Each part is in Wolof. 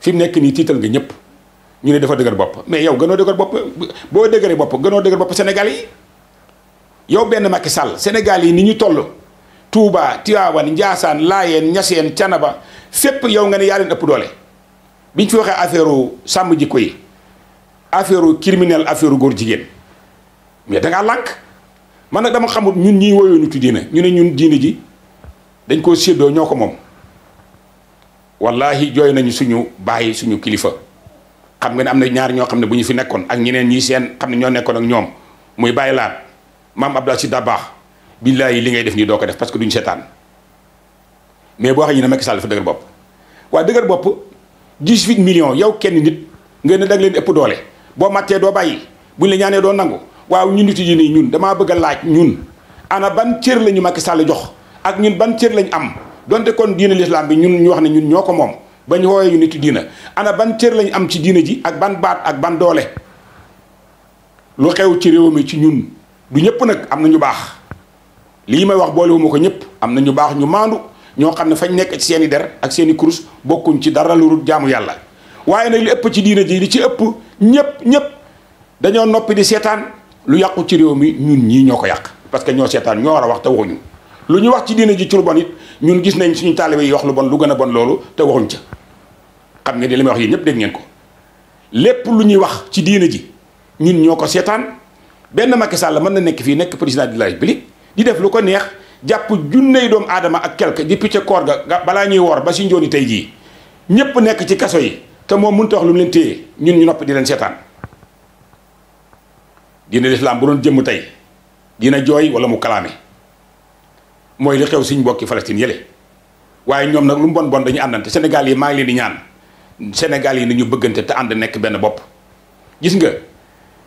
fi nekk nii tiital nga ñëpp ñu ne dafa dëgër bopp mais yow gënoo dëgër bopp boo dëgëree bopp gënoo dëgër bopp Sénégal yi yow benn Macky Sall Sénégal yi ni ñu toll Touba Tivaouane Ndiassane Laayeen Ñaseen Canaba fépp yow nga ne yaa leen ëpp doole biñ fi waxee affaire sàmm jikko yi affaire criminel affaire góor jigéen mais da ngaa lànk man nag dama xamul ñun ñii woyoo nitu diine ñu ne ñun diine ji dañ koo séddoo ñoo ko moom. wallahi jooy nañu suñu bàyyi suñu kilifa xam nga ne am na ñaar ñoo xam ne bu ñu fi nekkoon ak ñeneen ñi seen xam ne ñoo nekkoon ak ñoom muy bàyyi laat maam Abdoulaye si Dabaax billaahi li ngay def nii doo ko def parce que duñ seetaan mais boo xam ne Macky Sall dafa dëgër bopp waaye dëgër bopp 18 millions yow kenn nit nga ne dag leen ëpp doole boo màttee doo bàyyi buñ la ñaanee doo nangu waaw ñun nit yi nii ñun damaa bëgg a laaj ñun ana ban cër la ñu Macky Sall jox ak ñun ban cër lañ am. donte kon diine l'islam bi ñun ñu wax ne ñun ñoo ko moom ba ñu woowee ñu nitu diina ana ban cër lañ am ci diina ji ak ban baat ak ban doole lu xew ci réew mi ci ñun du ñëpp nag am na ñu baax lii may wax boolewuma ko ñëpp am na ñu baax ñu maandu ñoo xam ne fañ nekk ci seen i der ak seen kurus bokkuñ ci dara lu dul jaamu yàlla waaye nag li ëpp ci diina ji li ci ëpp ñëpp ñëpp dañoo noppi di seetaan lu yàqu ci réew mi ñun ñii ñoo ko yàq parce que ñoo seetaan ñoo war a wax te waxuñu lu ñu wax ci diine ji ci lu bon it ñun gis nañ suñu taalibe yi wax lu bon lu gën a bon loolu te waxuñ ca xam ngeen di li wax yéen ñëpp dégg ngeen ko lépp lu ñuy wax ci diine ji ñun ñoo ko seetaan benn Macky Sall mën na nekk fii nekk président de la République di def lu ko neex jàpp junney doomu aadama ak quelque di picc koor ga balaa ñuy woor ba si njooni tey jii ñëpp nekk ci kaso yi te moom mun a wax lu mu leen téye ñun ñu nopp di leen seetaan diine lislaam bu doon jëmm tey dina jooy wala mu kalaame. mooy li xew suñ mbokki Palestine yële waaye ñoom nag lu mu bon bon dañu àndante Sénégal yi maa ngi leen di ñaan Sénégal yi ñu bëggante te ànd nekk benn bopp gis nga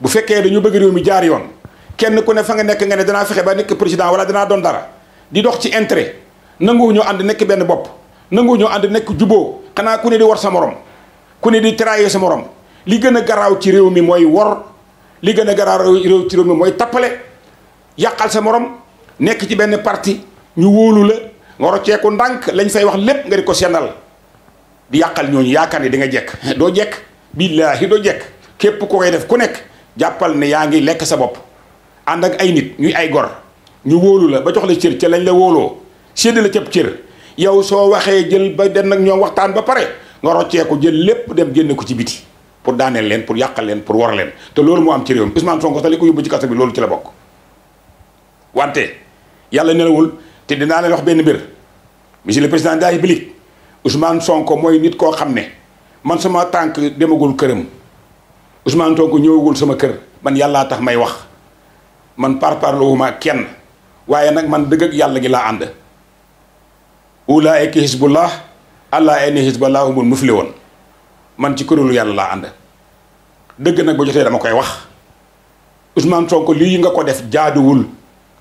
bu fekkee dañu bëgg réew mi jaar yoon kenn ku ne fa nga nekk nga ne danaa fexe ba nekk président wala danaa doon dara di dox ci intérêt nanguwu ñoo ànd nekk benn bopp nanguwu ñoo ànd nekk juboo xanaa ku ne di war sa moroom ku ne di trahir sa moroom li gën a garaaw ci réew mi mooy wor li gën a garaaw ci réew mi mooy tappale yàqal sa morom nekk ci benn parti ñu wóolu la nga rocceeku ndànk lañ fay wax lépp nga di ko sennal di yàqal ñooñu yaakaar ni di nga jekk doo jekk billaahi doo jekk képp ko koy def ku nekk jàppal ne yaa ngi lekk sa bopp ànd ak ay nit ñuy ay gor ñu wóolu la ba jox la cër ca lañ la wóoloo sédd la cëb cër yow soo waxee jël ba dem nag ñoom waxtaan ba pare nga rocceeku jël lépp dem génn ko ci biti pour daaneel leen pour yàqal leen pour war leen te loolu moo am ci réew mi Ousmane Sonko sax li ko yóbbu ci kaso bi loolu la bokk wante te dinaa leen wax benn mbir monsieur le président de la république Sonko mooy nit koo xam ne man sama tànk demagul këram Ousmane Sonko ñëwagul sama kër man yàllaa tax may wax man par parlowuma kenn waaye nag man dëgg yàlla gi laa ànd ulaayka xisbullah allah ay ni xisbullah humul muflihun man ci kuréelu yàlla laa ànd dëgg nag ba jotee dama koy wax Ousmane Sonko lii nga ko def jaaduwul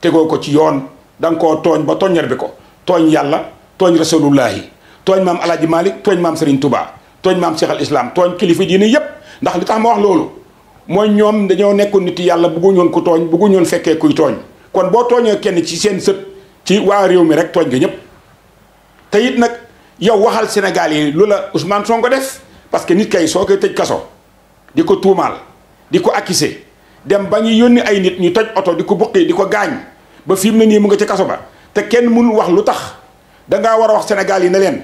tegoo ko ci yoon da nga tooñ ba tooñar bi ko tooñ yàlla tooñ rasulullahi tooñ maam alaaji malik tooñ maam Serigne Touba tooñ maam Cheikh al Islam tooñ kilifa nii yépp ndax li tax ma wax loolu mooy ñoom dañoo nekkoon nit yàlla bëgguñu woon ku tooñ bëgguñu woon fekkee kuy tooñ kon boo tooñee kenn ci seen sët ci waa réew mi rek tooñ nga ñëpp te it nag yow waxal Sénégal yi lu la Ousmane Sonko def parce que nit kay soo koy tëj kaso di ko tuumaal di ko accusé dem ba ñu yónni ay nit ñu toj oto di ko buqi di ko gaañ ba fi mu ne nii mu nga ca kaso ba te kenn mënul wax lu tax da ngaa war a wax Sénégal yi ne leen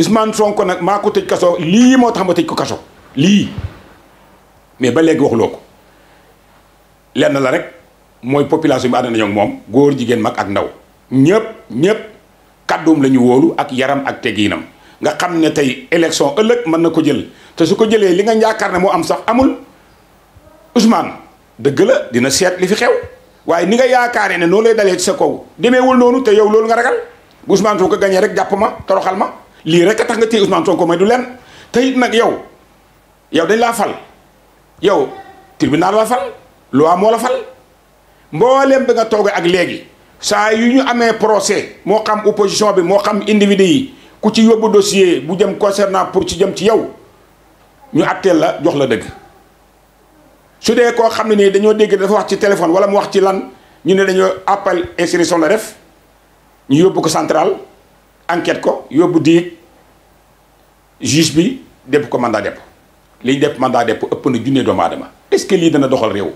Ousmane Sonko nag maa ko tëj kaso lii moo tax ma tëj ko kaso lii mais ba léegi waxuloo ko lenn la rek mooy population bi ànd nañu moom góor jigéen mag ak ndaw ñëpp ñëpp kàdduum lañu ñu wóolu ak yaram ak tegiinam nga xam ne tey élection ëllëg mën na ko jël te su ko jëlee li nga yaakaar ne moo am sax amul Ousmane dëgg la dina seet li fi xew waaye ni nga yaakaaree ne noonu lay dalee ci sa kaw demeewul noonu te yow loolu nga ragal bu Ousmane Sonko gañee rek jàpp ma toroxal ma lii rek a tax nga téye Ousmane Sonko may du lenn te it nag yow yow dañ laa fal yow tribunal la fal loi moo la fal mboolem bi nga toogee ak léegi saa yu ñu amee procès moo xam opposition bi moo xam individu yi ku ci yóbbu dossier bu jëm concernant pour ci jëm ci yow ñu àtteel la jox la dëgg. su dee koo xam ne nii dañoo dégg dafa wax ci téléphone wala mu wax ci lan ñu ne dañoo appel instruction la def ñu yóbbu ko central enquête ko yóbbu diig juge bi dépp ko mandat dépôt li ñu def mandat dépôt ëpp na junne doomu aadama est-ce que lii dana doxal réew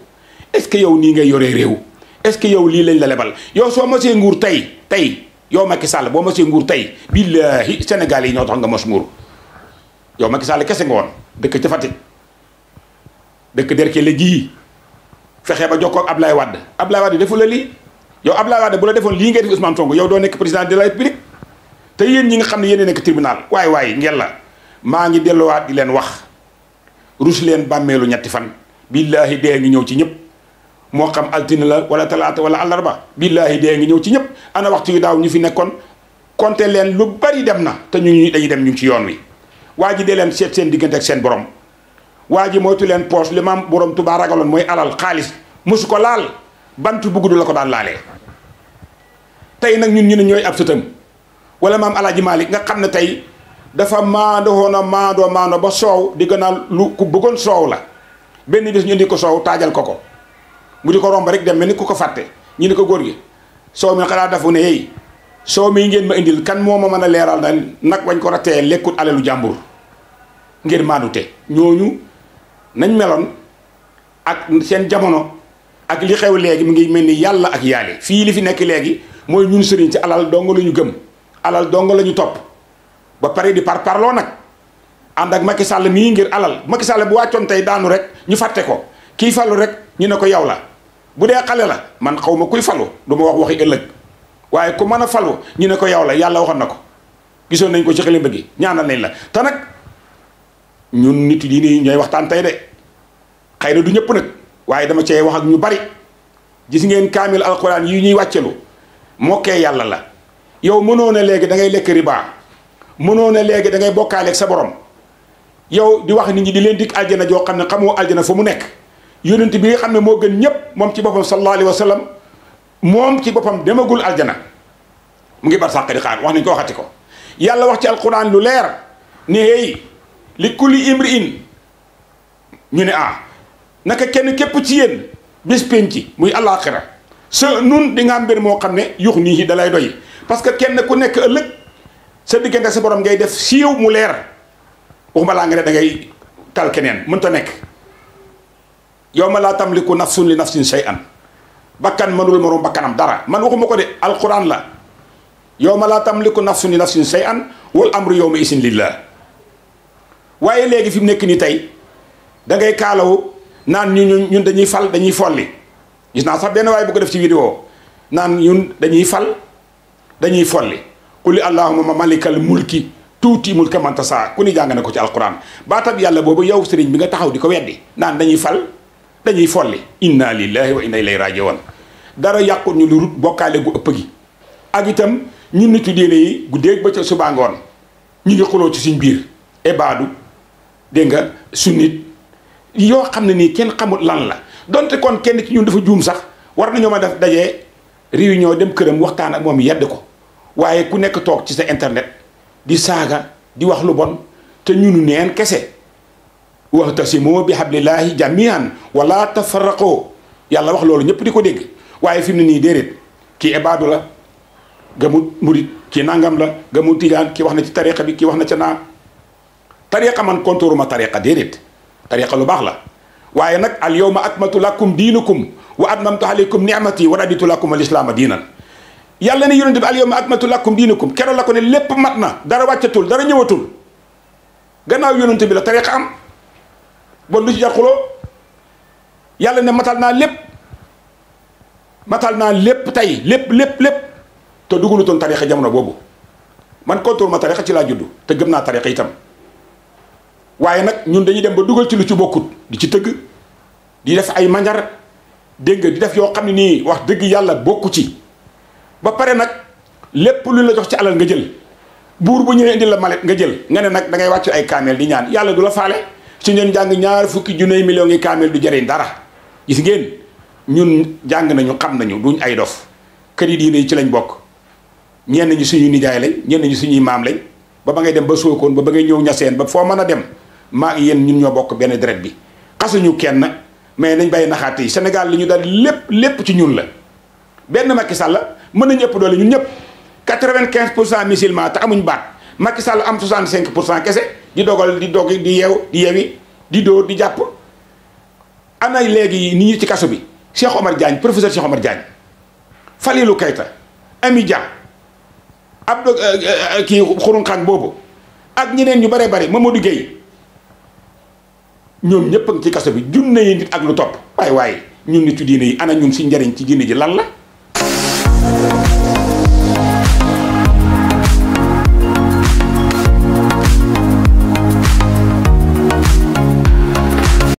est-ce que yow nii ngay yoree réew est-ce que yow lii lañ la lebal yow soo mosee nguur tey tey yow Macky Sall boo mosee nguur tey billaahi Sénégal yi ñoo tax nga mos nguur yow Macky Sall kese ngoon woon dëkk ca Fatick dëkk derkele gii fexe ba jokkoo ak ab Wade Ablaye Wade defu la lii yow Ablaye Wade bu la defoon lii ngee def Ousmane Sonko yow doo nekk président de la république te yéen ñi nga xam ne yéen nekk tribunal waay waaye ngel la maa ngi delluwaat di leen wax rus leen bàmmeelu ñetti fan billaahi dee ngi ñëw ci ñëpp moo xam altine la wala talaata wala àllarba billaahi dee ngi ñëw ci ñëpp ana waxtu yu daaw ñu fi nekkoon konte leen lu bari dem na te ñu dañuy dem ñu ci yoon wi waa ji dee leen seet seen diggante ak seen borom waa ji moytu leen poche li maam borom tubaa ragaloon mooy alal xaalis mosu ko laal bant bu gudd la ko daan laalee tey nag ñun ñu ne ñooy ab sëtam wala maam alaaji Malick nga xam ne tey dafa maandoxoon a maandoo maandoo ba soow di gën a lu ku bëggoon soow la benn bis ñu indi ko soow taajal ko ko mu di ko romb rek dem mel ni ku ko fàtte ñu ne ko góor gi soow mi xalaat dafa ne soow mi ngeen ma indil kan moo ma mën a leeral na nag wañ ko ratee lekkut alalu jàmbur ngir maandu te ñooñu nañ meloon ak seen jamono ak li xew léegi mu ngi mel ni yàlla ak yàlli fii li fi nekk léegi mooy ñun sëriñ ci alal dong la ñu gëm alal dong la ñu topp ba pare di par parloo nag ànd ak Macky Sall mii ngir alal Macky Sall bu wàccoon tey daanu rek ñu fàtte ko kii falu rek ñu ne ko yow la bu dee xale la man xaw ma kuy falu du ma wax waxi ëllëg waaye ku mën a falu ñu ne ko yow la yàlla waxoon na ko gisoon nañ ko ci xale gi ñaanal nañ la ñun nit yi nii ñooy waxtaan tey de xëy na du ñëpp nag waaye dama cee wax ñu bari gis ngeen kaamil alquran yi ñuy wàccelu mokkee yàlla la yow mënoo ne léegi da ngay lekk riba mënoo ne léegi da ngay bokkaaleeg sa borom yow di wax nit ñi di leen dikk aljana joo xam ne xamoo aljana fa mu nekk yonent bi nga xam ne moo gën ñëpp moom ci boppam sallallahu alayhi wa sallam moom ci boppam demagul aljana mu ngi barsàq di xaar wax nañ ko waxati ko yàlla wax ci alquran li kulli imri ñu ne ah naka kenn képp ci yéen bés penc muy àllaaxira sa nun di nga am mbir moo xam ne yux nii yi dalay doy parce que kenn ku nekk ëllëg sa diggante sa borom ngay def siiw mu leer waxuma laa nga ne da ngay tal keneen mënta nekk yow ma laa tamliku nafsun li nafsin shay'an bakkan mënul moroom bakkanam dara man waxuma ko de alquran la yow ma laa tamliku nafsun li nafsin shay'an wal yow yawma isin lillah waaye léegi fi mu nekk nii tey da ngay kaalawu naan ñu ñun dañuy fal dañuy folli gis naa sax benn waaye bu ko def ci vidéo naan ñun dañuy fal dañuy folli quli allahumma malikal mulki tuuti mulka man tasaa ku ni jàng na ko ci alquran baatab yàlla boobu yow sëriñ bi nga taxaw di ko weddi naan dañuy fal dañuy folli inna lillahi wa inna ilayhi rajiun dara yàqut ñu lu bokkaale gu ëpp gi ak itam ñun nitu diine yi guddeeg ba ca subaangoon ñu ngi xuloo ci suñ biir ebaadu dégg nga sunnit yoo xam ne ni kenn xamul lan la donte kon kenn ci ñun dafa juum sax war nañoo ma def daje dajee réunion dem këram waxtaan ak moom yedd ko waaye ku nekk toog ci sa internet di saaga di wax lu bon te ñunu neen kese waxta si waxtasimu bi hablillahi jamian wala tafarraqoo yàlla wax loolu ñëpp di ko dégg waaye fi mu ne nii déedéet kii ebaadu la mu murit kii nangam la gëmut tijaan kii wax na ci tariqa bi kii wax na ca naa tariqa man kontuuruma tariqa déedéet tariqa lu baax la waaye nag al yawma akmaltu lakum diinukum wa atmamtu alaykum ni'mati wa raditu lakum al islaama diinan yàlla ne yonente bi al yawma akmaltu lakum diinukum keroog la ko ne lépp mat na dara wàccatul dara ñëwatul gannaaw yonente bi la tariqa am bon lu ci jar xuloo yàlla ne matal naa lépp matal naa lépp tey lépp lépp lépp te dugalutoon tariqa jamono boobu man kontuuruma tariqa ci laa juddu te gëm naa tariqa itam waaye nag ñun dañuy dem ba dugal ci lu ci bokkut di ci tëgg di def ay manjar dégg nga di def yoo xam ne nii wax dëgg yàlla bokku ci ba pare nag lépp lu la jox ci alal nga jël buur ñu ñëwee indi la malet nga jël nga ne nag da ngay wàcc ay kaameel di ñaan yàlla du la faale ci ñun jàng ñaar fukki junni millions yi kaameel du jëriñ dara gis ngeen ñun jàng nañu xam nañu duñ ay dof kër yi diine yi ci lañ bokk ñenn ñi suñuy nijaay lañ ñenn ñi suñuy maam lañ ba ba ngay dem ba sookoon ba ba ngay ñëw ñaseen ba foo mën a dem maa ngi yéen ñun ñoo bokk benn deret bi xasuñu kenn mais nañ bàyyi naxaate yi Sénégal li ñu dal lépp lépp ci ñun la benn Macky Sall mën nañu ëpp doole ñun ñëpp quatre-vingt-quinze pour cent musulman te amuñ baat Macky Sall am 65 pour cent kese di dogal di dog di yeew di yewi di dóor di jàpp ana léegi nit ñi ci kaso bi Cheikh Omar Diagne professeur Cheikh Omar Diagne Falilou Keita Ami Dia Abdou euh, euh, euh, kii xurun xan boobu ak ñeneen ñu bare bare Mamadou Gueye ñoom ñëpp ci kaso bi junne yi nit ak lu topp waaye waaye ñun nitu diine yi ana ñun si njariñ ci diine ji lan la